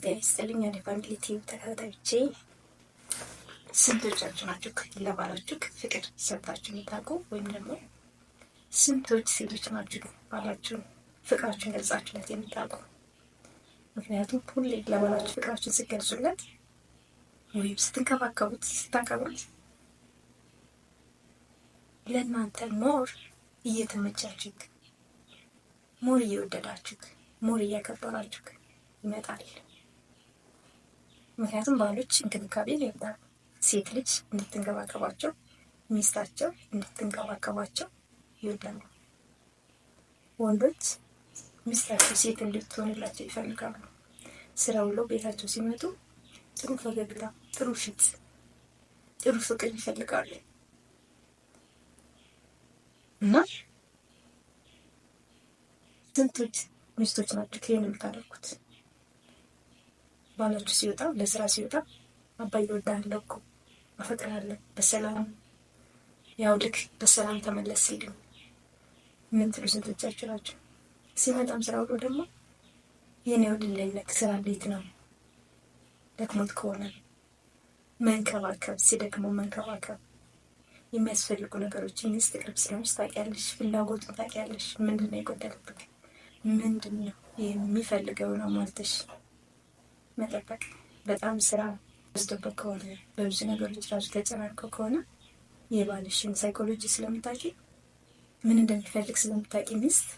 ጤና ይስጥልኝ። ወደ ፋሚሊ ቲዩብ ተከታታዮቼ ስንቶቻችሁ ናችሁ ለባላችሁ ፍቅር ሰጣችሁ የምታውቁ ወይም ደግሞ ስንቶች ሴቶች ናችሁ ባላችሁ ፍቅራችሁን ገልጻችሁለት የምታውቁ? ምክንያቱም ሁሌ ለባላችሁ ፍቅራችሁን ስትገልጹለት ወይም ስትንከባከቡት፣ ስታከብሩት ለእናንተ ሞር እየተመቻችሁ ሞር እየወደዳችሁ ሞር እያከበራችሁ ይመጣል። ምክንያቱም ባሎች እንክብካቤ ይወዳሉ። ሴት ልጅ እንድትንከባከባቸው፣ ሚስታቸው እንድትንከባከባቸው ይወዳሉ። ወንዶች ሚስታቸው ሴት እንድትሆንላቸው ይፈልጋሉ። ስራ ውለው ቤታቸው ሲመጡ ጥሩ ፈገግታ፣ ጥሩ ፊት፣ ጥሩ ፍቅር ይፈልጋሉ እና ስንቶች ሚስቶች ናቸው ይሄን የምታደርጉት? ባላችሁ ሲወጣ ለስራ ሲወጣ አባይ እወድሃለሁ እኮ አፈቅርሃለሁ፣ በሰላም ያው ልክ በሰላም ተመለስ ሲሉ የምትሉ ስንቶቻችሁ ናቸው? ሲመጣም ስራ ውሎ ደግሞ የኔ ወድለኝነት ስራ እንዴት ነው ደክሞት ከሆነ መንከባከብ ሲደክመው መንከባከብ የሚያስፈልጉ ነገሮችን ሚስት ቅርብ ስለሆነች ታውቂያለሽ፣ ፍላጎቱን ታውቂያለሽ። ምንድን ነው የጎደለበት? ምንድን ነው የሚፈልገው ነው ማለትሽ መጠበቅ በጣም ስራ በዝቶበት ከሆነ በብዙ ነገሮች ራሱ ተጨናንቆ ከሆነ የባልሽን ሳይኮሎጂ ስለምታቂ ምን እንደሚፈልግ ስለምታቂ ሚስት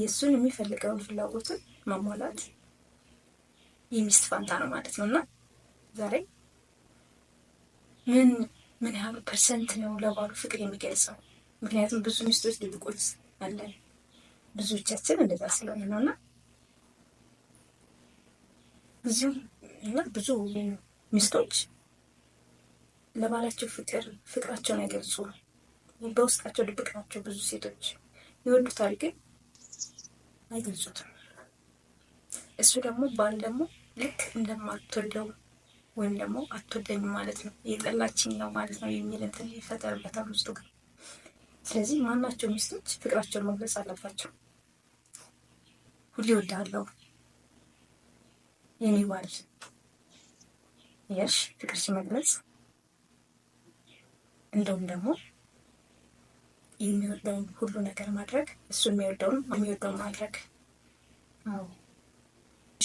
የእሱን የሚፈልገውን ፍላጎቱን ማሟላት የሚስት ፋንታ ነው ማለት ነው እና ዛሬ ምን ምን ያህል ፐርሰንት ነው ለባሉ ፍቅር የሚገልጸው? ምክንያቱም ብዙ ሚስቶች ድብቆች አለን ብዙዎቻችን እንደዛ ስለሆነ ነው እና ብዙ እና ብዙ ሚስቶች ለባላቸው ፍቅር ፍቅራቸውን አይገልጹ በውስጣቸው ድብቅ ናቸው። ብዙ ሴቶች ይወዱታል ግን አይገልጹትም። እሱ ደግሞ ባል ደግሞ ልክ እንደማትወደው ወይም ደግሞ አትወደኝ ማለት ነው የጠላችኝ ነው ማለት ነው የሚል እንትን ይፈጠርበታል ውስጡ ጋር። ስለዚህ ማናቸው ሚስቶች ፍቅራቸውን መግለጽ አለባቸው። ሁሌ እወድሃለሁ የኔ ባል እያልሽ ፍቅር መግለጽ እንደውም ደግሞ የሚወደውን ሁሉ ነገር ማድረግ እሱ የሚወደውን የሚወደው ማድረግ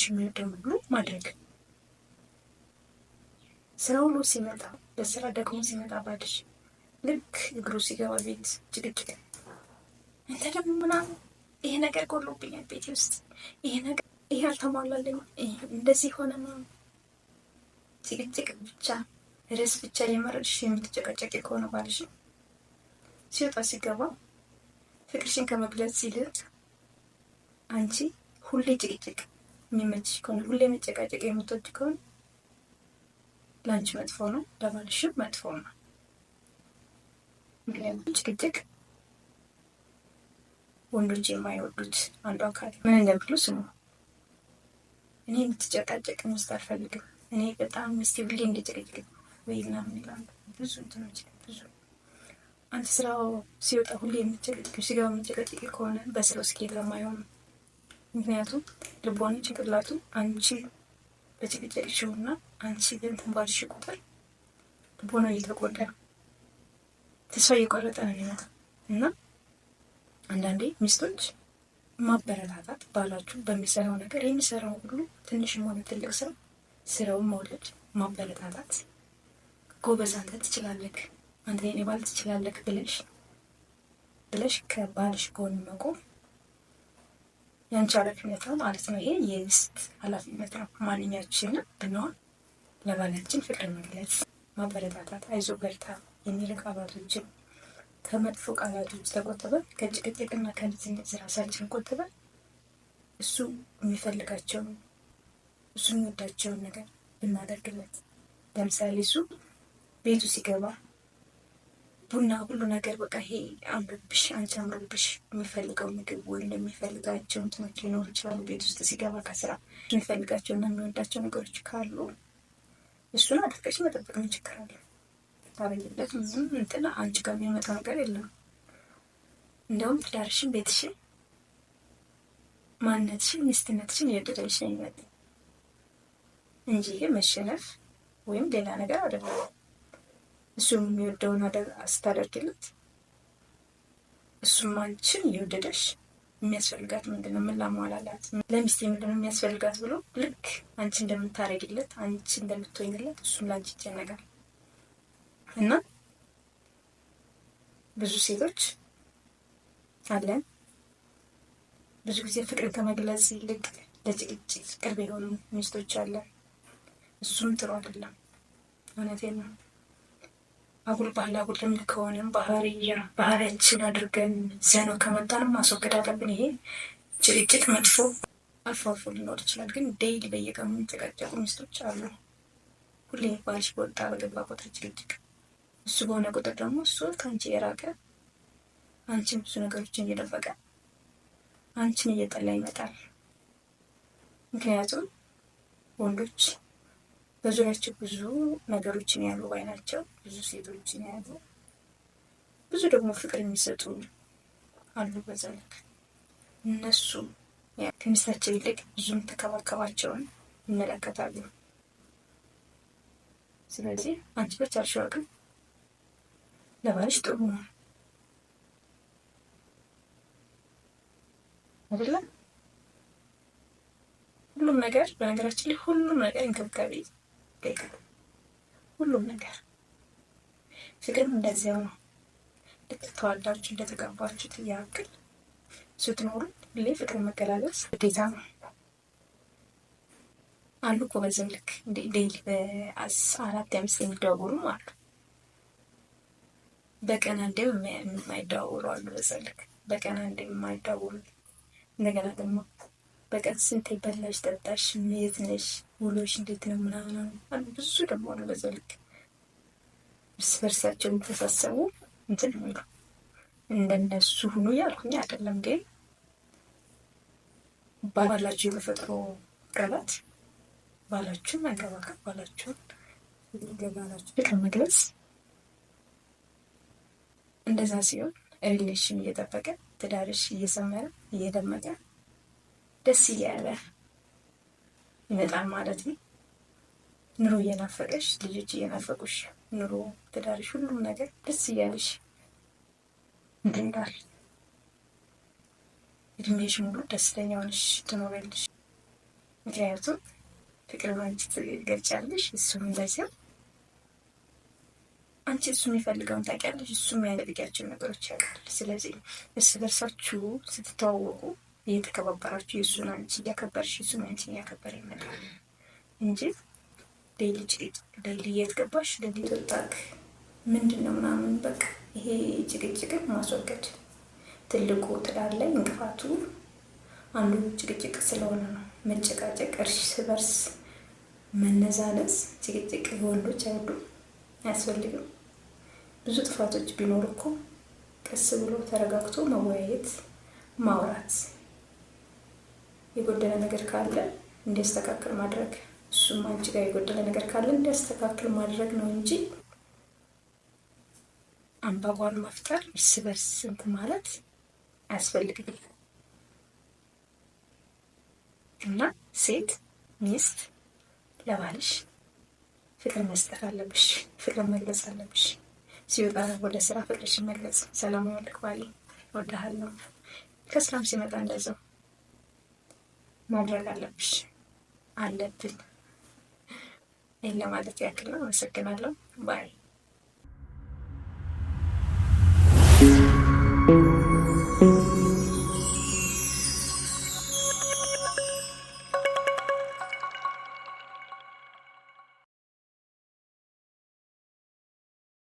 የሚወደውን ሁሉ ማድረግ ስራ ሁሉ ሲመጣ በስራ ደግሞ ሲመጣ ባልሽ ልክ እግሩ ሲገባ ቤት ጭቅጭቅ፣ አንተ ደግሞ ምናምን ይሄ ነገር ጎሎብኛል ቤቴ ውስጥ ይሄ ነገር ይሄ አልተሟላለኝ፣ እንደዚህ ሆነ ምናምን ጭቅጭቅ ብቻ ርዕስ ብቻ የመረጥሽ የምትጨቀጨቂ ከሆነ ባልሽ ሲወጣ ሲገባ ፍቅርሽን ከመግለጽ ይልቅ አንቺ ሁሌ ጭቅጭቅ የሚመችሽ ከሆነ ሁሌ መጨቃጨቅ የምትወድ ከሆነ ለአንቺ መጥፎ ነው፣ ለባልሽም መጥፎ ነው። ምክንያቱም ጭቅጭቅ ወንዶች የማይወዱት አንዱ አካል ምን እንደሚሉ ስሙ። እኔ የምትጨቃጨቅ ሚስት አልፈልግም። እኔ በጣም ሚስቴ ሁሌ እንደጨቀጭቅ ወይ ምናምን ይላሉ። ብዙ እንትኖች ብዙ አንተ ስራው ሲወጣ ሁሌ የምትጨቀጭቅ ሲገባ የምትጨቀጭቅ ከሆነ በስራው ስኬታማ አይሆንም። ምክንያቱም ልቧን ጭንቅላቱ አንቺ በጭቅጨቅሽውና አንቺ እንትን ባልሽ ቁጥር ልቦና እየተጎዳ ተስፋ እየቆረጠ ነው የሚመጣው እና አንዳንዴ ሚስቶች ማበረታታት ባላችሁ በሚሰራው ነገር የሚሰራው ሁሉ ትንሽ ሆነ ትልቅ ስራ ስራውን መውለድ ማበረታታት፣ ጎበዝ አንተ ትችላለህ፣ አንተ የኔ ባል ትችላለህ ብለሽ ብለሽ ከባልሽ ጎን መቆም የአንቺ ኃላፊነት ነው ማለት ነው። ይሄ የሚስት ኃላፊነት ነው። ማንኛችንም ብንሆን ለባላችን ፍቅር መግለጽ፣ ማበረታታት፣ አይዞ በርታ የሚል ቃላቶችን ከመጥፎ ቃላቶች ተቆጥበን ከጭቅጭቅና ከልጅነት ራሳችን ቆጥበን እሱ የሚፈልጋቸውን እሱ የሚወዳቸውን ነገር ብናደርግለት፣ ለምሳሌ እሱ ቤቱ ሲገባ ቡና፣ ሁሉ ነገር በቃ ይሄ አምሮብሽ፣ አንቺ አምሮብሽ የሚፈልገው ምግብ ወይም የሚፈልጋቸው እንትኖች ሊኖሩ ይችላሉ። ቤት ውስጥ ሲገባ ከስራ የሚፈልጋቸውና የሚወዳቸው ነገሮች ካሉ እሱን አድርገሽ መጠበቅ ምን ችግር አለው? ብታረጊለት ምንም እንትን አንቺ ጋር የሚመጣ ነገር የለም። እንደውም ትዳርሽን፣ ቤትሽን፣ ማንነትሽን፣ ሚስትነትሽን የወደደልሽ ነው የሚመጣ እንጂ ይሄ መሸነፍ ወይም ሌላ ነገር አይደለም። እሱም የሚወደውን ስታደርግለት እሱም አንቺን እየወደደሽ የሚያስፈልጋት ምንድን ነው? ምን ላሟላላት፣ ለሚስቴ ምንድን ነው የሚያስፈልጋት ብሎ ልክ አንቺ እንደምታረጊለት አንቺ እንደምትወኝለት እሱም ላንቺ ይጨነቃል። እና ብዙ ሴቶች አለን ብዙ ጊዜ ፍቅር ከመግለጽ ይልቅ ለጭቅጭቅ ቅርብ የሆኑ ሚስቶች አለን። እሱም ጥሩ አይደለም። እውነቴን ነው። አጉል ባህል አጉል ከሆነም ባህሪያ ባህሪያችን አድርገን ዘኖ ከመጣንም ማስወገድ አለብን። ይሄ ጭቅጭቅ መጥፎ አልፎ አልፎ ሊኖር ይችላል፣ ግን ዴይሊ በየቀኑ የሚጨቃጨቁ ሚስቶች አሉ። ሁሌ ባልሽ በወጣ በገባ ቦታ ጭቅጭቅ እሱ በሆነ ቁጥር ደግሞ እሱ ከአንቺ የራቀ አንቺን ብዙ ነገሮችን እየደበቀ አንቺን እየጠላ ይመጣል። ምክንያቱም ወንዶች በዙሪያቸው ብዙ ነገሮችን ያሉ ባይ ናቸው። ብዙ ሴቶችን ያሉ ብዙ ደግሞ ፍቅር የሚሰጡ አሉ። በዛ ልክ እነሱ ከሚስታቸው ይልቅ ብዙም ተከባከባቸውን ይመለከታሉ። ስለዚህ አንቺ ብቻ አልሸዋቅም ለባልሽ ጥሩ ነው አይደለ? ሁሉም ነገር በነገራችን ላይ ሁሉም ነገር እንክብካቤ ይጠይቃል። ሁሉም ነገር ፍቅርም እንደዚያው ነው። ልክ ተዋልዳችሁ እንደተጋባችሁት ያክል ስትኖሩ ሁሌ ፍቅር መገላለጽ ግዴታ ነው አሉ እኮ በዚህም ልክ ዴይሊ በአራት የአምስት የሚደዋወሉም አሉ። በቀን አንዴ የማይደዋወሉ አሉ። በዛ በቀን አንዴ የማይደዋወሉ እንደገና ደግሞ በቀን ስንት በላሽ፣ ጠጣሽ፣ የት ነሽ፣ ውሎሽ እንዴት ነው ምናምን አሉ። ብዙ ደግሞ አሉ። በዛ ልክ እርስ በርሳቸው የሚተሳሰቡ እንትን ሚሉ እንደነሱ ሁኑ ያልኩኝ አይደለም፣ ግን ባላችሁ የተፈጥሮ ቃላት ባላችሁን መንከባከብ፣ ባላችሁን ለባላችሁ መግለጽ እንደዛ ሲሆን ሪሌሽን እየጠበቀ ትዳርሽ እየሰመረ እየደመቀ ደስ እያለ ይመጣል ማለት ነው። ኑሮ እየናፈቀሽ ልጆች እየናፈቁሽ ኑሮ፣ ትዳርሽ፣ ሁሉም ነገር ደስ እያለሽ እንትንዳል እድሜሽ ሙሉ ደስተኛ ሆነሽ ትኖሪያለሽ። ምክንያቱም ፍቅር ባንቺ ትገልጫለሽ፣ እሱም እንደዚያው አንቺ እሱ የሚፈልገውን ታውቂያለሽ፣ እሱ የሚያደርጋቸው ነገሮች ያውቃል። ስለዚህ እርስ በርሳችሁ ስትተዋወቁ እየተከባበራችሁ የእሱን አንቺ እያከበርሽ የእሱን አንቺ እያከበር ይመጣል እንጂ ሌሊ የት ገባሽ፣ ሌሊ ወጣክ፣ ምንድን ነው ምናምን በቃ ይሄ ጭቅጭቅን ማስወገድ ትልቁ ትዳር ላይ እንቅፋቱ አንዱ ጭቅጭቅ ስለሆነ ነው። መጨቃጨቅ፣ እርስ በርስ መነዛነስ፣ ጭቅጭቅ የወንዶች አይወዱም፣ አያስፈልግም። ብዙ ጥፋቶች ቢኖር እኮ ቀስ ብሎ ተረጋግቶ መወያየት፣ ማውራት፣ የጎደለ ነገር ካለ እንዲያስተካክል ማድረግ እሱም አንቺ ጋር የጎደለ ነገር ካለ እንዲያስተካክል ማድረግ ነው እንጂ አምባጓን መፍጠር፣ እርስ በርስ እንትን ማለት አያስፈልግም። እና ሴት ሚስት ለባልሽ ፍቅር መስጠት አለብሽ፣ ፍቅር መግለጽ አለብሽ። ሲወጣ ወደ ስራ ፈቅዶ ሲመለስ ሰላም ያልክ ባሌ እወድሃለሁ። ከስራም ሲመጣ እንደዛው ማድረግ አለብሽ አለብን። ይህን ለማለት ያክል ነው። አመሰግናለሁ ባይ